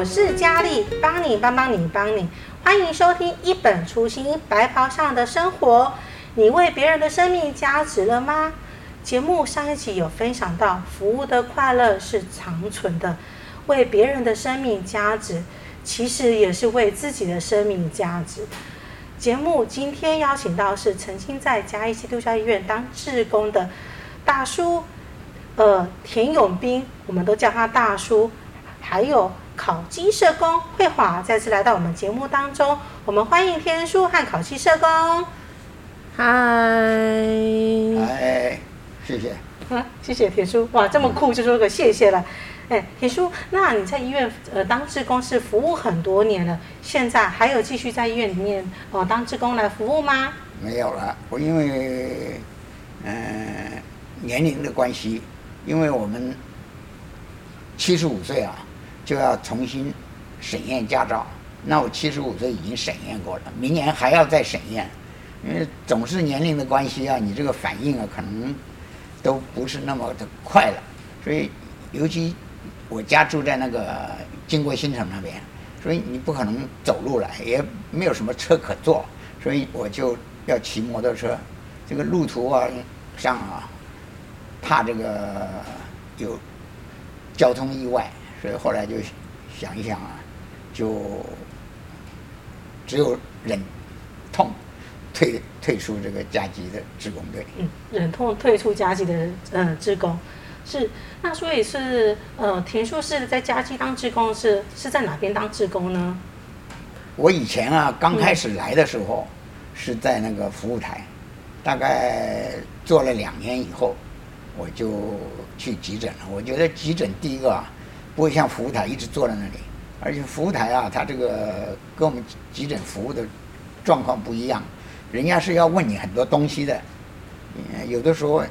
我是佳麗，幫你幫幫你幫你，歡迎收聽《一本初心白袍上的生活》，你為別人的生命加值了嗎？節目上一期有分享到，服務的快樂是長存的，為別人的生命加值，其實也是為自己的生命加值。節目今天邀請到是曾經在嘉義基督教醫院當志工的大叔，呃，田永彬，我們都叫他大叔，還有。烤雞社工惠華再次來到我們節目當中，我們歡迎田叔和烤雞社工。嗨，哎、啊，謝謝。嗯，謝謝田叔。哇，這麼酷，就說個、嗯、謝謝了。哎，田叔，那你在醫院呃當志工是服務很多年了，現在還有繼續在醫院裡面哦、呃、當志工來服務嗎？沒有了，我因為嗯、呃、年齡的關係，因為我們七十五歲啊。就要重新審驗駕照，那我七十五歲已經審驗過了，明年還要再審驗，因為總是年齡的關係啊，你這個反應啊可能都不是那麼的快了，所以尤其我家住在那個經國新城那邊，所以你不可能走路了，也沒有什麼車可坐，所以我就要騎摩托車，這個路途啊上啊，怕這個有交通意外。所以後來就想一想啊，就只有忍痛退退出這個嘉基的志工隊。嗯，忍痛退出嘉基的呃志工是那，所以是呃田叔是在嘉基當志工是是在哪邊當志工呢？我以前啊剛開始來的時候、嗯、是在那個服務台，大概做了兩年以後，我就去急診了。我覺得急診第一個啊。不會像服務台一直坐在那裡，而且服務台啊，它這個跟我們急診服務的狀況不一樣，人家是要問你很多東西的。嗯，有的時候，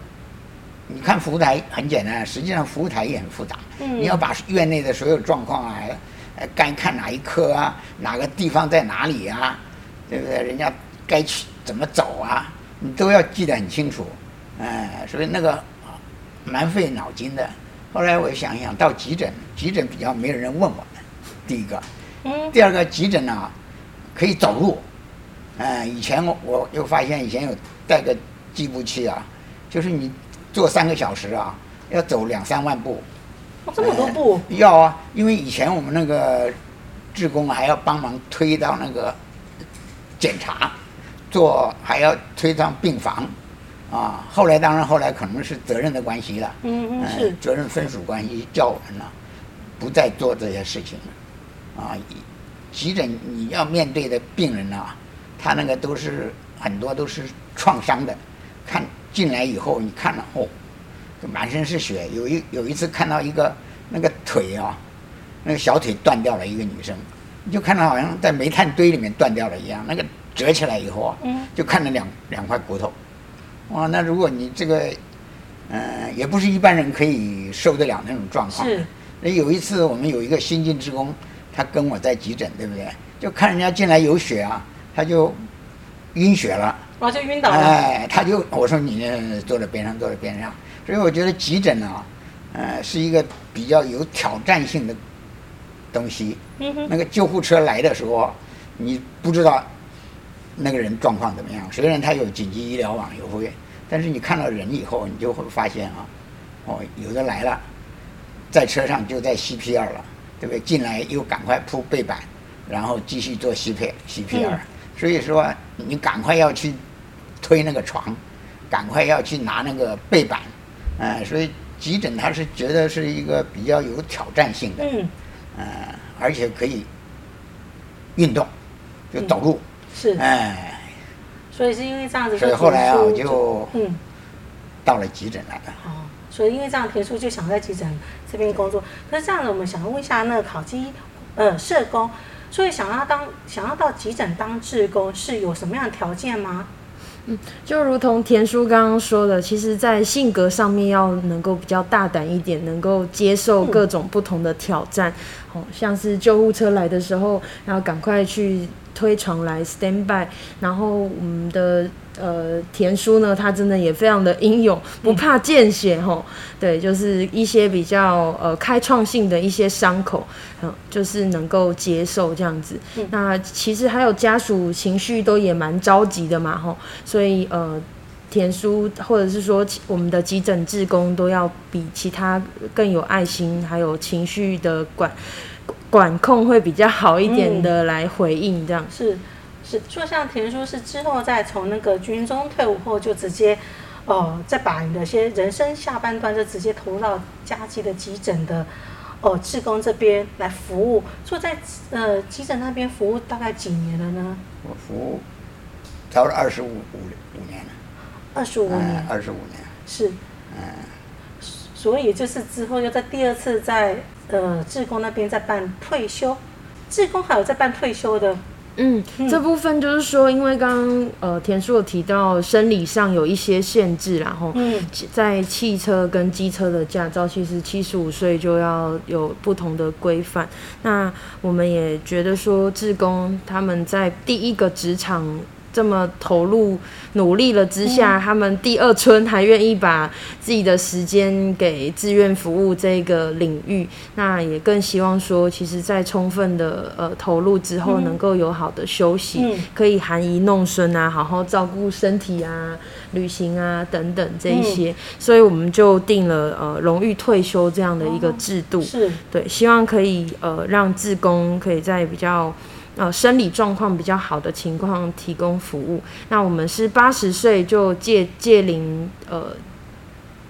你看服務台很簡單，實際上服務台也很複雜。嗯。你要把院內的所有狀況啊，該看哪一科啊，哪個地方在哪裡啊，對不對？人家該去怎麼走啊，你都要記得很清楚。嗯，所以那個蠻費腦筋的。後來我想一想，到急診，急診比較沒有人問我們。第一個，嗯、第二個急診呢，可以走路。嗯，以前我，我又發現以前有帶個計步器啊，就是你坐三個小時啊，要走兩三萬步。這麼多步、嗯。要啊，因為以前我們那個志工還要幫忙推到那個檢查，做還要推到病房。啊，後來當然，後來可能是責任的關係了，嗯是嗯是責任分屬關係，叫我們呢，不再做這些事情了。啊，急診你要面對的病人呢、啊，他那個都是很多都是創傷的，看進來以後，你看了哦，就滿身是血。有一有一次看到一個那個腿啊，那個小腿斷掉了一個女生，你就看到好像在煤炭堆裡面斷掉了一樣，那個折起來以後啊，嗯，就看到兩兩塊骨頭。哇，那如果你這個，嗯、呃，也不是一般人可以受得了那種狀況。是。那有一次我們有一個新進志工，他跟我在急診，對不對？就看人家進來有血啊，他就暈血了。我就暈倒了。哎、呃，他就我說，你坐在邊上，坐在邊上。所以我覺得急診啊，呃，是一個比較有挑戰性的東西。嗯、哼那個救護車來的時候，你不知道。那個人狀況怎麼樣？雖然他有緊急醫療網有覆蓋，但是你看到人以後，你就會發現啊，哦，有的來了，在車上就在 CPR 了，對不對？進來又趕快鋪背板，然後繼續做 CPR，CPR。所以說，你趕快要去推那個床，趕快要去拿那個背板，嗯、呃，所以急診他是覺得是一個比較有挑戰性的，嗯、呃，而且可以運動，就走路。嗯是哎，唉所以是因為這樣子試試，所以後來啊，我就，就嗯到了急診了。所以因為這樣，田叔就想在急診這邊工作。可是這樣子，我們想問一下，那個烤雞呃社工，所以想要當想要到急診當志工，是有什麼樣的條件嗎？嗯，就如同田叔剛剛說的，其實，在性格上面要能夠比較大膽一點，能夠接受各種不同的挑戰。嗯哦、像是救護車來的時候，要趕快去。推床來 stand by，然後我們的呃田叔呢，他真的也非常的英勇，不怕見血、嗯、吼對，就是一些比較呃開創性的一些傷口、呃，就是能夠接受這樣子。嗯、那其實還有家屬情緒都也蠻着急的嘛，吼。所以呃田叔或者是說我們的急診志工都要比其他更有愛心，還有情緒的管。管控會比較好一點的，來回應，這樣是、嗯、是，就像田叔是之後再從那個軍中退伍後，就直接，呃，再把你的些人生下半段就直接投入到嘉基的急診的，哦、呃，志工這邊來服務。就在呃急診那邊服務大概幾年了呢？我服務，到了二十五五五年了。二十五年。二十五年。是。哎、嗯。所以就是之後又在第二次在。呃，志工那邊在辦退休，志工還有在辦退休的。嗯，嗯這部分就是說，因為剛剛呃田叔有提到生理上有一些限制，然後在汽車跟機車的駕照，其實七十五歲就要有不同的規範。那我們也覺得說，志工他們在第一個職場，這麼投入努力了之下，嗯、他們第二春還願意把自己的時間給志願服務這個領域，那也更希望說，其實，在充分的呃投入之後，能夠有好的休息，嗯、可以含飴弄孫啊，好好照顧身體啊、旅行啊等等這一些，嗯、所以我們就定了呃榮譽退休這樣的一個制度，是，對，希望可以呃讓志工可以在比較，呃，生理狀況比較好的情況提供服務。那我們是八十歲就屆屆齡，呃，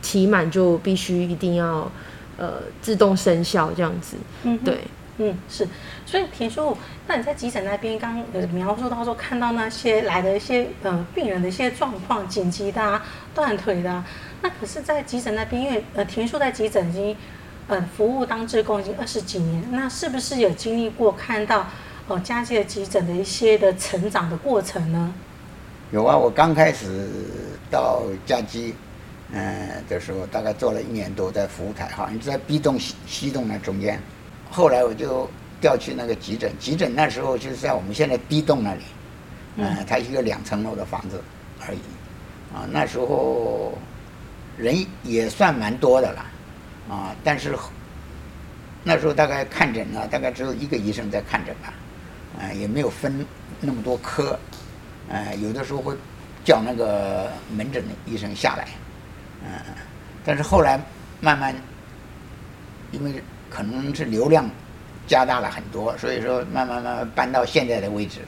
期滿就必須一定要呃自動生效這樣子。對嗯，嗯，對，嗯是。所以田叔，那你在急診那邊剛剛有描述到說，看到那些來的一些呃病人的一些狀況，緊急的、啊、斷腿的、啊。那可是，在急診那邊，因為呃田叔在急診已經呃服務當志工已經二十幾年，那是不是有經歷過看到？哦，嘉基的急診的一些的成長的過程呢？有啊，我剛開始到嘉基，嗯的時候，就是、大概做了一年多在服務台哈，好像在 B 棟西西棟那中間，後來我就調去那個急診，急診那時候就是在我們現在 B 棟那裡，嗯，嗯它一個兩層樓的房子而已，啊，那時候人也算蠻多的了，啊，但是那時候大概看診呢，大概只有一個醫生在看診吧。嗯，也沒有分那麼多科，呃，有的時候會叫那個門診的醫生下來，嗯、呃，但是後來慢慢因為可能是流量加大了很多，所以說慢慢慢慢搬到現在的位置，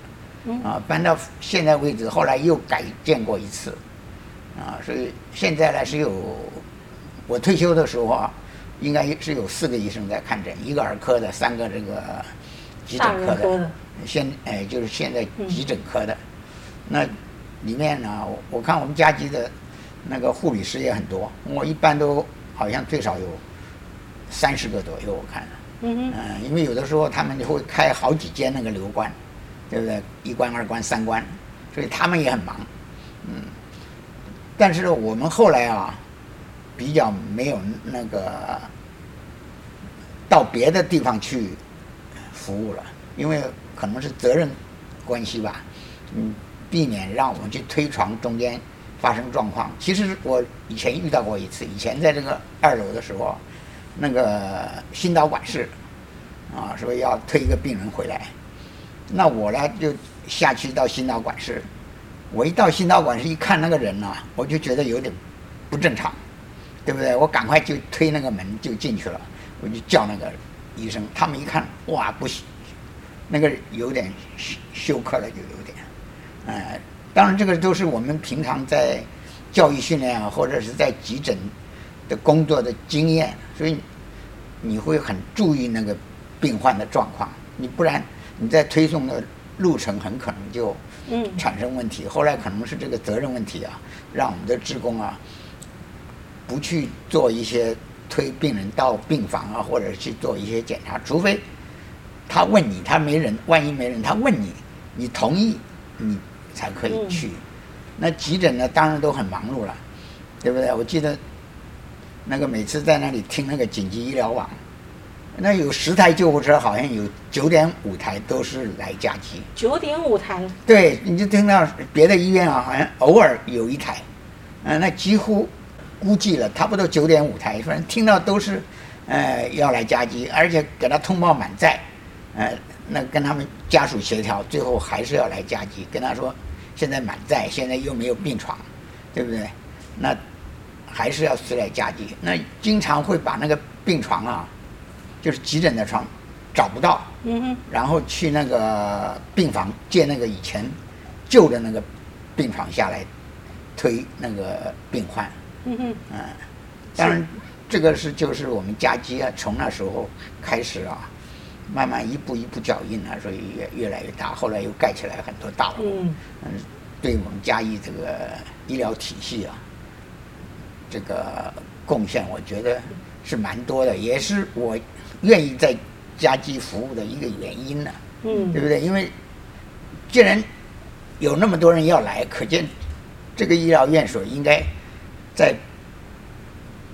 嗯，啊，搬到現在位置，後來又改建過一次，啊、呃，所以現在呢是有我退休的時候啊，應該是有四個醫生在看診，一個兒科的，三個這個急診科的。現哎、呃，就是現在急診科的、嗯、那裡面呢，我，我看我們嘉基的那個護理師也很多，我一般都好像最少有三十個左右，我看嗯嗯，因為有的時候他們就會開好幾間那個留觀，對不對？一觀二觀三觀，所以他們也很忙。嗯，但是我們後來啊，比較沒有那個到別的地方去服務了。因為可能是責任關係吧，嗯，避免讓我們去推床中間發生狀況。其實我以前遇到過一次，以前在這個二樓的時候，那個心導管室，啊，說要推一個病人回來，那我呢就下去到心導管室，我一到心導管室一看那個人呢，我就覺得有點不正常，對不對？我趕快就推那個門就進去了，我就叫那個醫生，他們一看，哇，不行。那個有點休休克了，就有點，哎、嗯，當然這個都是我們平常在教育訓練啊，或者是在急診的工作的經驗，所以你會很注意那個病患的狀況，你不然你在推送的路程很可能就產生問題。嗯、後來可能是這個責任問題啊，讓我們的志工啊不去做一些推病人到病房啊，或者去做一些檢查，除非。他問你，他沒人，萬一沒人，他問你，你同意，你才可以去。嗯、那急診呢，當然都很忙碌了，對不對？我記得那個每次在那裡聽那個緊急醫療網，那有十台救護車，好像有九點五台都是來嘉基。九點五台。對，你就聽到別的醫院啊，好像偶爾有一台，嗯、呃，那幾乎估計了，差不多九點五台，反正聽到都是，呃，要來嘉基，而且給他通報滿載。呃，那跟他們家屬協調，最後還是要來嘉基。跟他說，現在滿載，現在又沒有病床，對不對？那還是要死來嘉基。那經常會把那個病床啊，就是急診的床找不到，嗯，然後去那個病房借那個以前舊的那個病床下來推那個病患，嗯、呃、嗯，當然這個是就是我們嘉基啊，從那時候開始啊。慢慢一步一步腳印啊，所以越越來越大。後來又蓋起來很多大樓，嗯，嗯，對我們嘉義這個醫療體系啊，這個貢獻我覺得是蠻多的，也是我願意在嘉基服務的一個原因呢、啊。嗯，對不對？因為既然有那麼多人要來，可見這個醫療院所應該在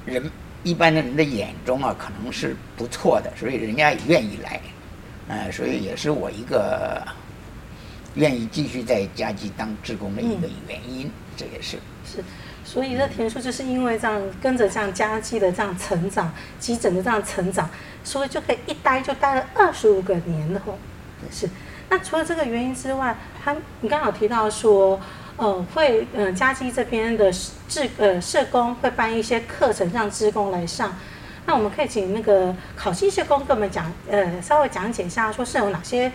人。一般的人的眼中啊，可能是不錯的，所以人家也願意來，呃，所以也是我一個願意繼續在嘉基當志工的一個原因，嗯、這也是。是，所以這田叔就是因為這樣跟着這樣嘉基的這樣成長，急診的這樣成長，所以就可以一待就待了二十五個年頭、哦。是。那除了這個原因之外，他你剛好提到說。呃，會嗯，嘉、呃、基這邊的志呃社工會辦一些課程讓志工來上，那我們可以請那個烤雞社工給我們講，呃，稍微講解一下，說是有哪些。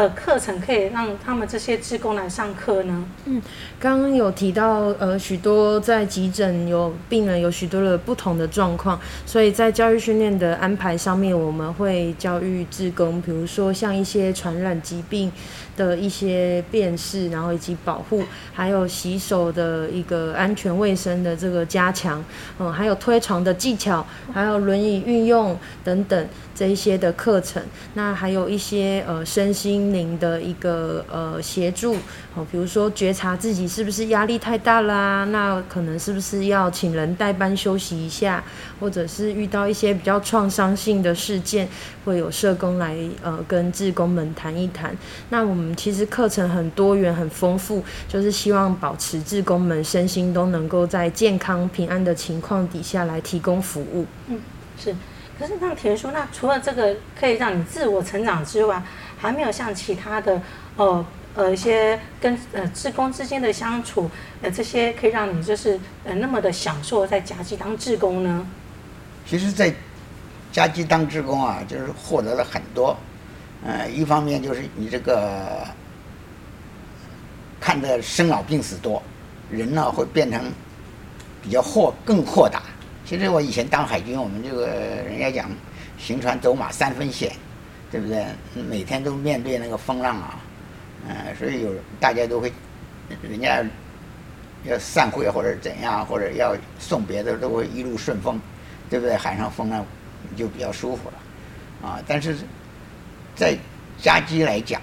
呃，課程可以讓他們這些志工來上課呢？嗯，剛剛有提到，呃，許多在急診有病人，有許多的不同的狀況，所以在教育訓練的安排上面，我們會教育志工，比如說像一些傳染疾病的一些辨識，然後以及保護，還有洗手的一個安全衛生的這個加強，嗯，還有推床的技巧，還有輪椅運用等等。這一些的課程，那還有一些呃身心靈的一個呃協助哦、呃，比如說覺察自己是不是壓力太大啦、啊，那可能是不是要請人代班休息一下，或者是遇到一些比較創傷性的事件，會有社工來呃跟志工們談一談。那我們其實課程很多元，很豐富，就是希望保持志工們身心都能夠在健康平安的情況底下來提供服務。嗯，是。可是，那田叔，那除了這個可以讓你自我成長之外，還沒有像其他的呃呃一些跟呃志工之間的相處呃這些可以讓你就是呃那麼的享受在嘉基當志工呢？其實，在嘉基當志工啊，就是獲得了很多。嗯、呃，一方面就是你這個看得生老病死多，人呢會變成比較豁更豁達。其實我以前當海軍，我們這個人家講“行船走馬三分險”，對不對？每天都面對那個風浪啊，嗯、呃，所以有大家都會，人家要散會或者怎樣，或者要送別的，都會一路順風，對不對？海上風浪你就比較舒服了，啊，但是在嘉基來講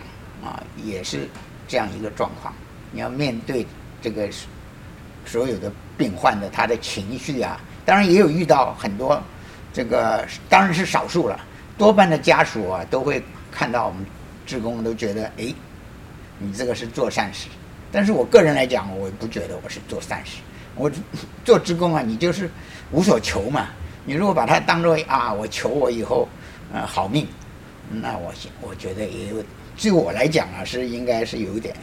啊，也是這樣一個狀況。是你要面對這個所有的病患的他的情緒啊。當然也有遇到很多，這個當然是少數了，多半的家屬啊都會看到我們志工都覺得，哎，你這個是做善事。但是我個人來講，我也不覺得我是做善事，我做志工啊，你就是無所求嘛。你如果把它當作啊，我求我以後呃好命，那我我覺得也有，對我來講啊是應該是有一點，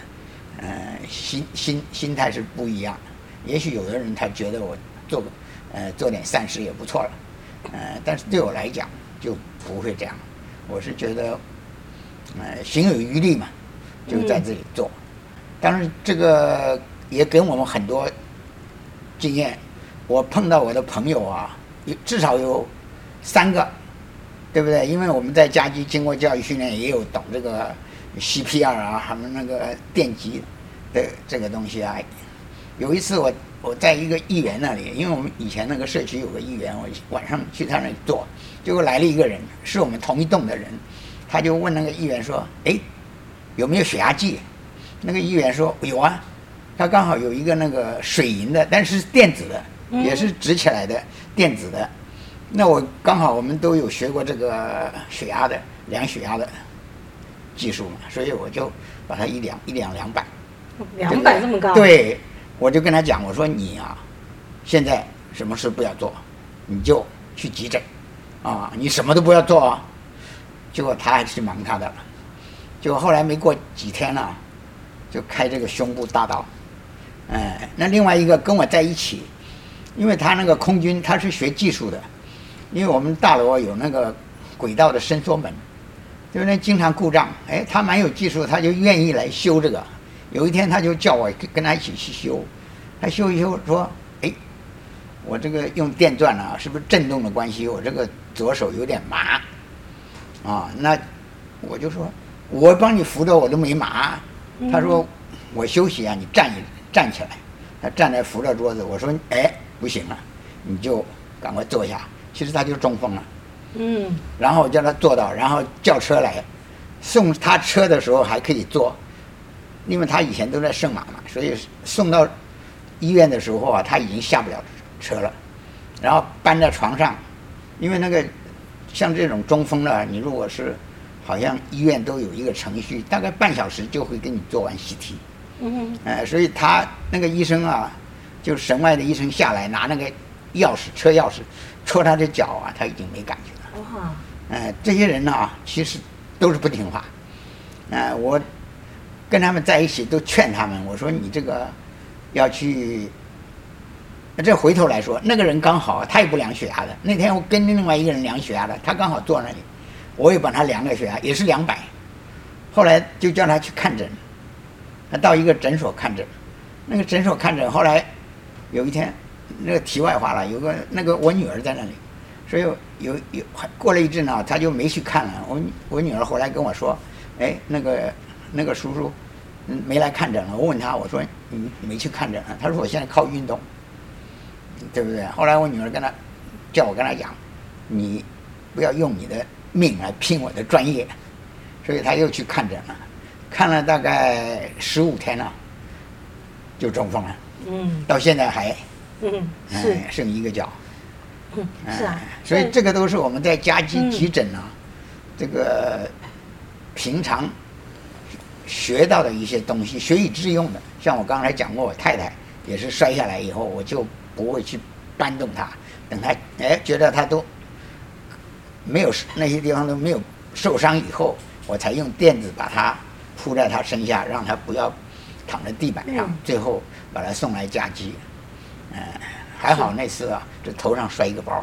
呃心心心態是不一樣的。也許有的人他覺得我做。呃，做點善事也不錯了，呃，但是對我來講就不會這樣，我是覺得，呃，行有餘力嘛，就在這裡做，當然、嗯、這個也給我們很多經驗，我碰到我的朋友啊，有至少有三個，對不對？因為我們在嘉基經過教育訓練，也有懂這個 CPR 啊，什麼那個電擊的這個東西啊，有一次我。我在一個議員那裡，因為我們以前那個社區有個議員，我晚上去他那裡坐，結果來了一個人，是我們同一棟的人，他就問那個議員說：“哎，有沒有血壓計？”那個議員說：“有啊，他剛好有一個那個水銀的，但是電子的，也是直起來的，嗯嗯，電子的。那我剛好我們都有學過這個血壓的，量血壓的技術嘛，所以我就把它一量，一量兩百，兩百，兩百這麼高。對，對。我就跟他講，我說你啊，現在什麼事不要做，你就去急診，啊，你什麼都不要做啊。結果他還是忙他的。結果後來沒過幾天呢、啊，就開這個胸部大刀。哎、嗯，那另外一個跟我在一起，因為他那個空軍他是學技術的，因為我們大樓有那個軌道的伸縮門，就那經常故障，哎，他蠻有技術，他就願意來修這個。有一天，他就叫我跟他一起去修，他修一修說：“哎，我這個用電鑽呢，啊，是不是震動的關係？我這個左手有點麻。”啊，那我就說：“我幫你扶着，我都沒麻。嗯”他說：“我休息啊，你站一站起來。”他站來扶着桌子，我說：“哎，不行了，你就趕快坐下。”其實他就中風了。嗯。然後叫他坐到，然後叫車來，送他車的時候還可以坐。因為他以前都在聖馬嘛，所以送到醫院的時候啊，他已經下不了車了。然後搬到床上，因為那個像這種中風呢，你如果是好像醫院都有一個程序，大概半小時就會給你做完 CT。嗯。哎，所以他那個醫生啊，就是神外的醫生下來拿那個鑰匙、車鑰匙，戳他的腳啊，他已經沒感覺了。哦。哎，這些人呢、啊，其實都是不聽話。哎、呃，我。跟他們在一起都勸他們，我說你這個要去。那這回頭來說，那個人剛好他也不量血壓的。那天我跟另外一個人量血壓的，他剛好坐那裡，我也幫他量了血壓，也是兩百。後來就叫他去看診，他到一個診所看診，那個診所看診。後來有一天，那個題外話了，有個那個我女兒在那裡，所以有有，有過了一陣呢，他就沒去看了。我我女兒後來跟我說，哎，那個那個叔叔。嗯，沒來看診了。我問他，我說你、嗯、沒去看診啊？他說我現在靠運動，對不對？後來我女兒跟他叫我跟他講，你不要用你的命來拼我的專業，所以他又去看診了，看了大概十五天了、啊，就中風了。嗯，到現在還，嗯，剩一個腳。嗯，是啊。所以這個都是我們在嘉基急診啊，嗯、這個平常。學到的一些東西，學以致用的。像我剛才講過，我太太也是摔下來以後，我就不會去搬動她，等她哎覺得她都沒有那些地方都沒有受傷以後，我才用墊子把她鋪在她身下，讓她不要躺在地板上。嗯、最後把她送來嘉基，嗯，還好那次啊，這是頭上摔一個包，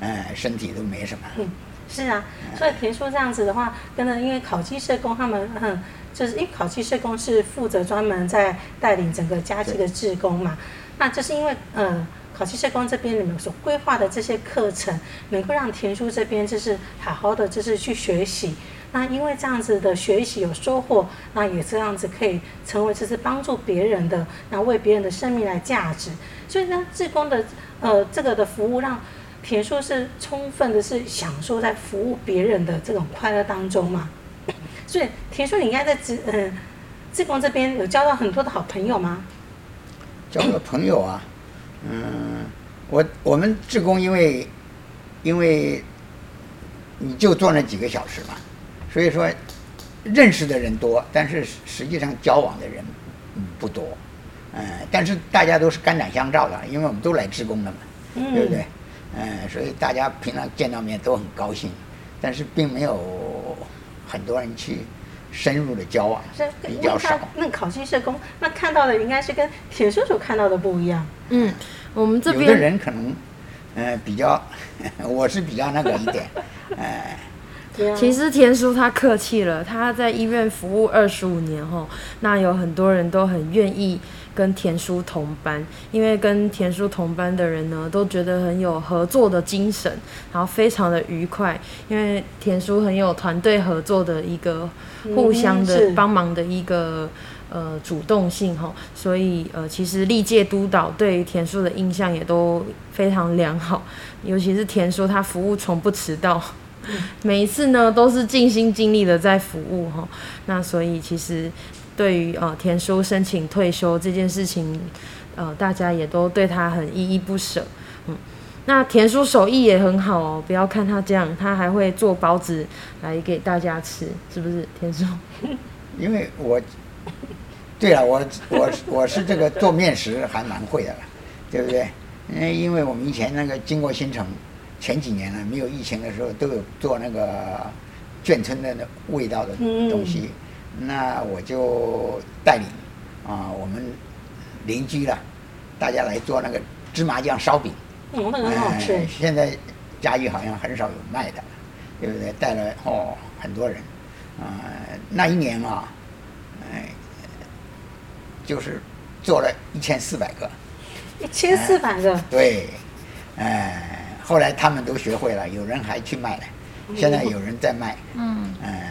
嗯，身體都沒什麼。嗯是啊，所以田叔這樣子的話，跟着因為烤雞社工他們、嗯，就是因為烤雞社工是負責專門在帶領整個嘉基的志工嘛。是那就是因為呃，烤雞社工這邊你們所規劃的這些課程，能夠讓田叔這邊就是好好的就是去學習。那因為這樣子的學習有收穫，那也這樣子可以成為就是幫助別人的，那為別人的生命來價值。所以呢，志工的呃這個的服務讓。田叔是充分的是享受在服務別人的這種快樂當中嘛？所以田叔，你應該在志嗯、志、呃、工這邊有交到很多的好朋友嗎？交個朋友啊，嗯，我我們志工因為因為你就做那幾個小時嘛，所以說，認識的人多，但是實際上交往的人不多，嗯，但是大家都是肝膽相照的，因為我們都來志工了嘛，嗯、對不對？嗯，所以大家平常見到面都很高興，但是並沒有很多人去深入的交往，比較少。那烤雞社工，那看到的應該是跟田叔叔看到的不一樣。嗯，我們這邊的人可能，呃、嗯，比較，我是比較那個一點。對 嗯、其實田叔他客氣了，他在醫院服務二十五年後，那有很多人都很願意。跟田叔同班，因為跟田叔同班的人呢，都覺得很有合作的精神，然後非常的愉快，因為田叔很有團隊合作的一個互相的、嗯、幫忙的一個呃主動性哈、哦，所以呃其實歷屆督導對於田叔的印象也都非常良好，尤其是田叔他服務從不遲到，嗯、每一次呢都是盡心盡力的在服務哈、哦，那所以其實。對於呃田叔申請退休這件事情，呃大家也都對他很依依不舍，嗯，那田叔手藝也很好哦，不要看他這樣，他還會做包子來給大家吃，是不是田叔？因為我，對啊，我我我是這個做麵食還蠻會的啦，對不對？因為因為我們以前那個經國新城前幾年呢沒有疫情的時候，都有做那個眷村的那味道的東西。嗯那我就帶領啊、呃，我們鄰居了，大家來做那個芝麻醬燒餅。嗯，好吃呃、現在家裡好像很少有賣的，對不對？帶了哦很多人、呃，那一年啊，哎、呃，就是做了一千四百個。一千四百個、呃。對，哎、呃，後來他們都學會了，有人還去賣了，嗯、現在有人在賣。嗯。嗯、呃。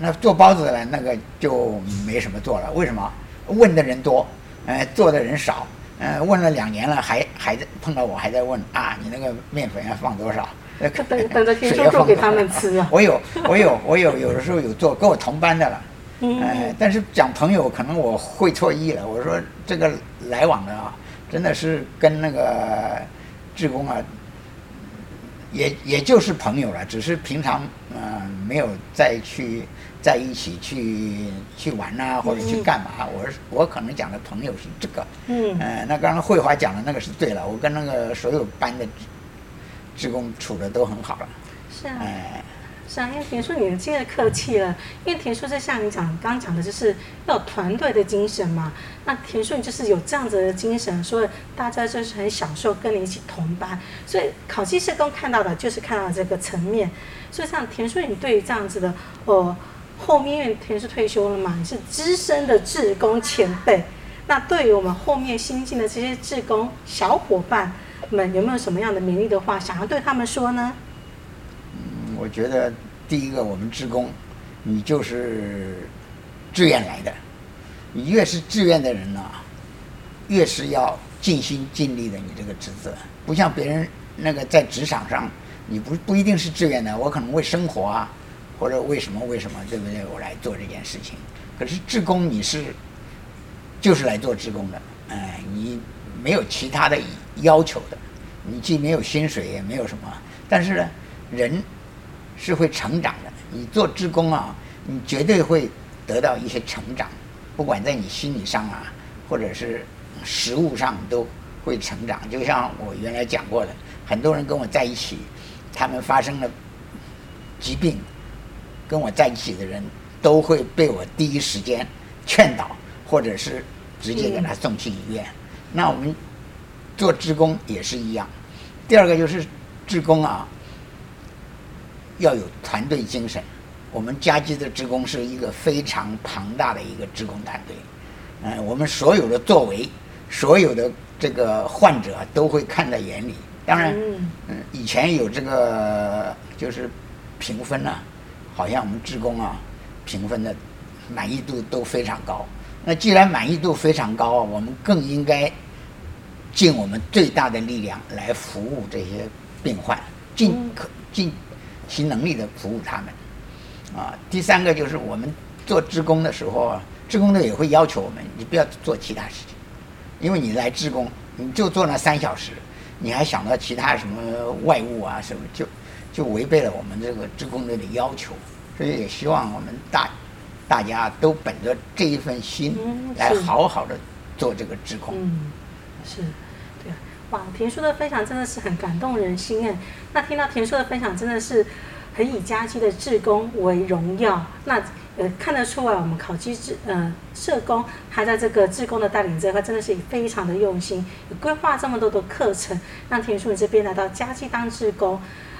那做包子的那個就沒什麼做了，為什麼？問的人多，呃，做的人少，呃，問了兩年了還，還還在碰到我還在問啊，你那個麵粉要放多少？等可等着天天做給他們吃啊，啊。我有，我有，我有，有的時候有做，跟我同班的了，嗯、 呃、但是講朋友，可能我會錯意了。我說這個來往的啊，真的是跟那個志工啊。也也就是朋友了，只是平常嗯、呃、沒有再去在一起去去玩吶、啊，或者去幹嘛。嗯、我是我可能講的朋友是這個，嗯、呃，那剛剛慧華講的那個是對了，我跟那個所有班的志工處得都很好了，是啊，呃是啊，因為田叔你真的客氣了。因為田叔就像你講，剛剛講的就是要有團隊的精神嘛。那田叔你就是有這樣子的精神，所以大家就是很享受跟你一起同班。所以烤雞社工看到的就是看到這個層面。所以像田叔，你對於這樣子的，呃，後面田叔退休了嘛，你是資深的志工前輩。那對於我們後面新進的這些志工小夥伴們，有沒有什麼樣的勉勵的話想要對他們說呢？我覺得第一個，我們志工，你就是志願來的。你越是志願的人呢、啊，越是要盡心盡力的。你這個職責，不像別人那個在職場上，你不不一定是志願的，我可能為生活啊，或者為什麼為什麼，對不對？我來做這件事情。可是志工你是就是來做志工的，哎，你沒有其他的要求的，你既沒有薪水也沒有什麼。但是呢，人。是會成長的。你做志工啊，你絕對會得到一些成長，不管在你心理上啊，或者是食物上，都會成長。就像我原來講過的，很多人跟我在一起，他們發生了疾病，跟我在一起的人都會被我第一時間勸導，或者是直接給他送去醫院。嗯、那我們做志工也是一樣。第二個就是志工啊。要有團隊精神，我們嘉基的志工是一個非常龐大的一個志工團隊，嗯，我們所有的作為，所有的這個患者都會看在眼裡。當然，嗯，以前有這個就是評分吶、啊，好像我們志工啊評分的滿意度都非常高。那既然滿意度非常高，我們更應該盡我們最大的力量來服務這些病患，儘可、嗯、盡。其能力的服務他們，啊，第三個就是我們做志工的時候啊，志工隊也會要求我們，你不要做其他事情，因為你來志工，你就做那三小時，你還想到其他什麼外務啊什麼，就就違背了我們這個志工隊的要求，所以也希望我們大大家都本着這一份心來好好的做這個志工。嗯，是。嗯，是。哇，田叔的分享真的是很感動人心啊！那聽到田叔的分享，真的是很以嘉基的志工為榮耀。那呃看得出啊，我們烤雞志、呃、社工，還在這個志工的帶領之下，真的是非常的用心，規劃這麼多的課程，讓田叔你這邊來到嘉基當志工，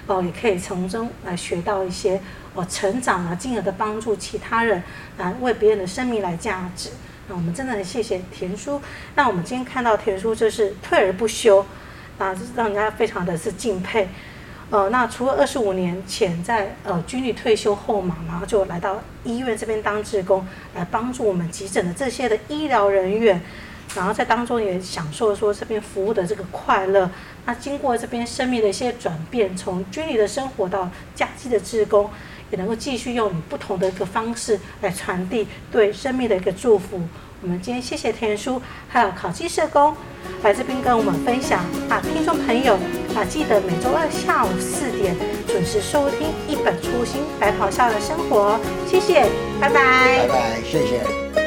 哦、呃，也可以從中來學到一些哦、呃、成長啊，進而的幫助其他人，來、呃、為別人的生命來價值。那我們真的很謝謝田叔。那我們今天看到田叔就是退而不休，啊，讓人家非常的是敬佩。呃，那除了二十五年前在呃軍旅退休後嘛，然後就來到醫院這邊當志工，來幫助我們急診的這些的醫療人員，然後在當中也享受說這邊服務的這個快樂。那經過這邊生命的一些轉變，從軍旅的生活到嘉基的志工。也能夠繼續用不同的一個方式來傳遞對生命的一個祝福。我們今天謝謝田叔，還有烤雞社工，來這邊跟我們分享啊，聽眾朋友啊，記得每週二下午四點準時收聽《一本初心白袍下的生活哦》，謝謝，拜拜，拜拜，謝謝。